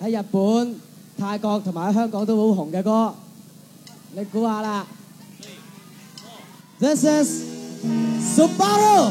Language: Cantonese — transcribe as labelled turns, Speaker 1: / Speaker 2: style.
Speaker 1: 喺日本、泰國同埋喺香港都好紅嘅歌，你估下啦？This is Subaru。